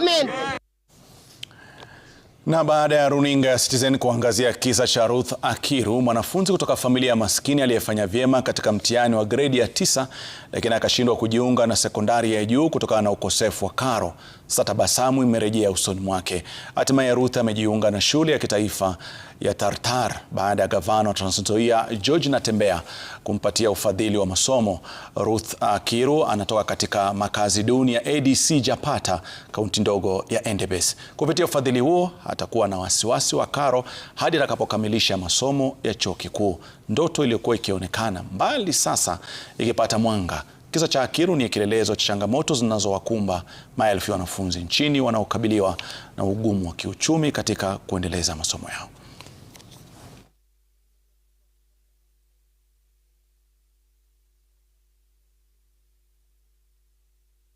Amen. Na baada ya runinga ya Citizen kuangazia kisa cha Ruth Akiru, mwanafunzi kutoka familia ya maskini aliyefanya vyema katika mtihani wa gredi ya tisa, lakini akashindwa kujiunga na sekondari ya juu kutokana na ukosefu wa karo sasa tabasamu imerejea usoni mwake. Hatimaye Ruth amejiunga na shule ya kitaifa ya Tartar baada ya gavana wa Trans Nzoia George Natembeya kumpatia ufadhili wa masomo. Ruth Akiru anatoka katika makazi duni ya ADC Japata, kaunti ndogo ya Endebess. Kupitia ufadhili huo atakuwa na wasiwasi wa karo hadi atakapokamilisha masomo ya chuo kikuu, ndoto iliyokuwa ikionekana mbali sasa ikipata mwanga Kisa cha Akiru ni kielelezo cha changamoto zinazowakumba maelfu ya wanafunzi nchini wanaokabiliwa na ugumu wa kiuchumi katika kuendeleza masomo yao.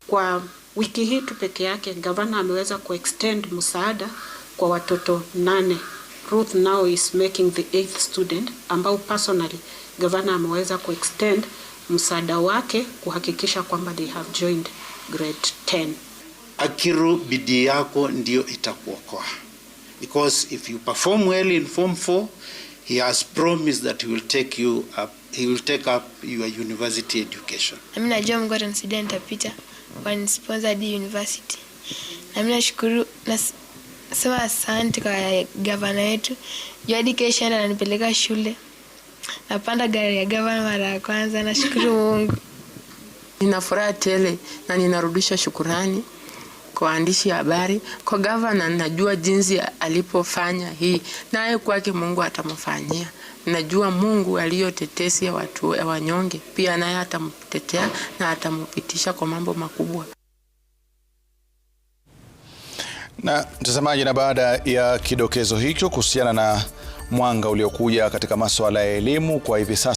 Kwa wiki hii tu peke yake gavana ameweza kuextend msaada kwa watoto nane. Ruth now is making the eighth student ambao personally gavana ameweza kuextend msaada wake kuhakikisha kwamba they have joined grade 10. Akiru, bidii yako ndio itakuokoa because if you perform well in form 4 he has promised that he will take you up, he will take up your university education. Mimi najua Mungu atanisaidia nitapita, kwa sponsor di university. Na mimi nashukuru na sema asante kwa governor wetu Your education ananipeleka shule napanda gari ya gavana mara ya kwanza. Nashukuru Mungu, nina furaha tele na ninarudisha shukurani kwa waandishi habari, kwa gavana. Najua jinsi alipofanya hii, naye kwake Mungu atamfanyia. Najua Mungu aliyotetesia watu wanyonge, pia naye atamtetea na atampitisha kwa mambo makubwa. Na mtazamaji, na baada ya kidokezo hicho kuhusiana na mwanga uliokuja katika masuala ya elimu kwa hivi sasa.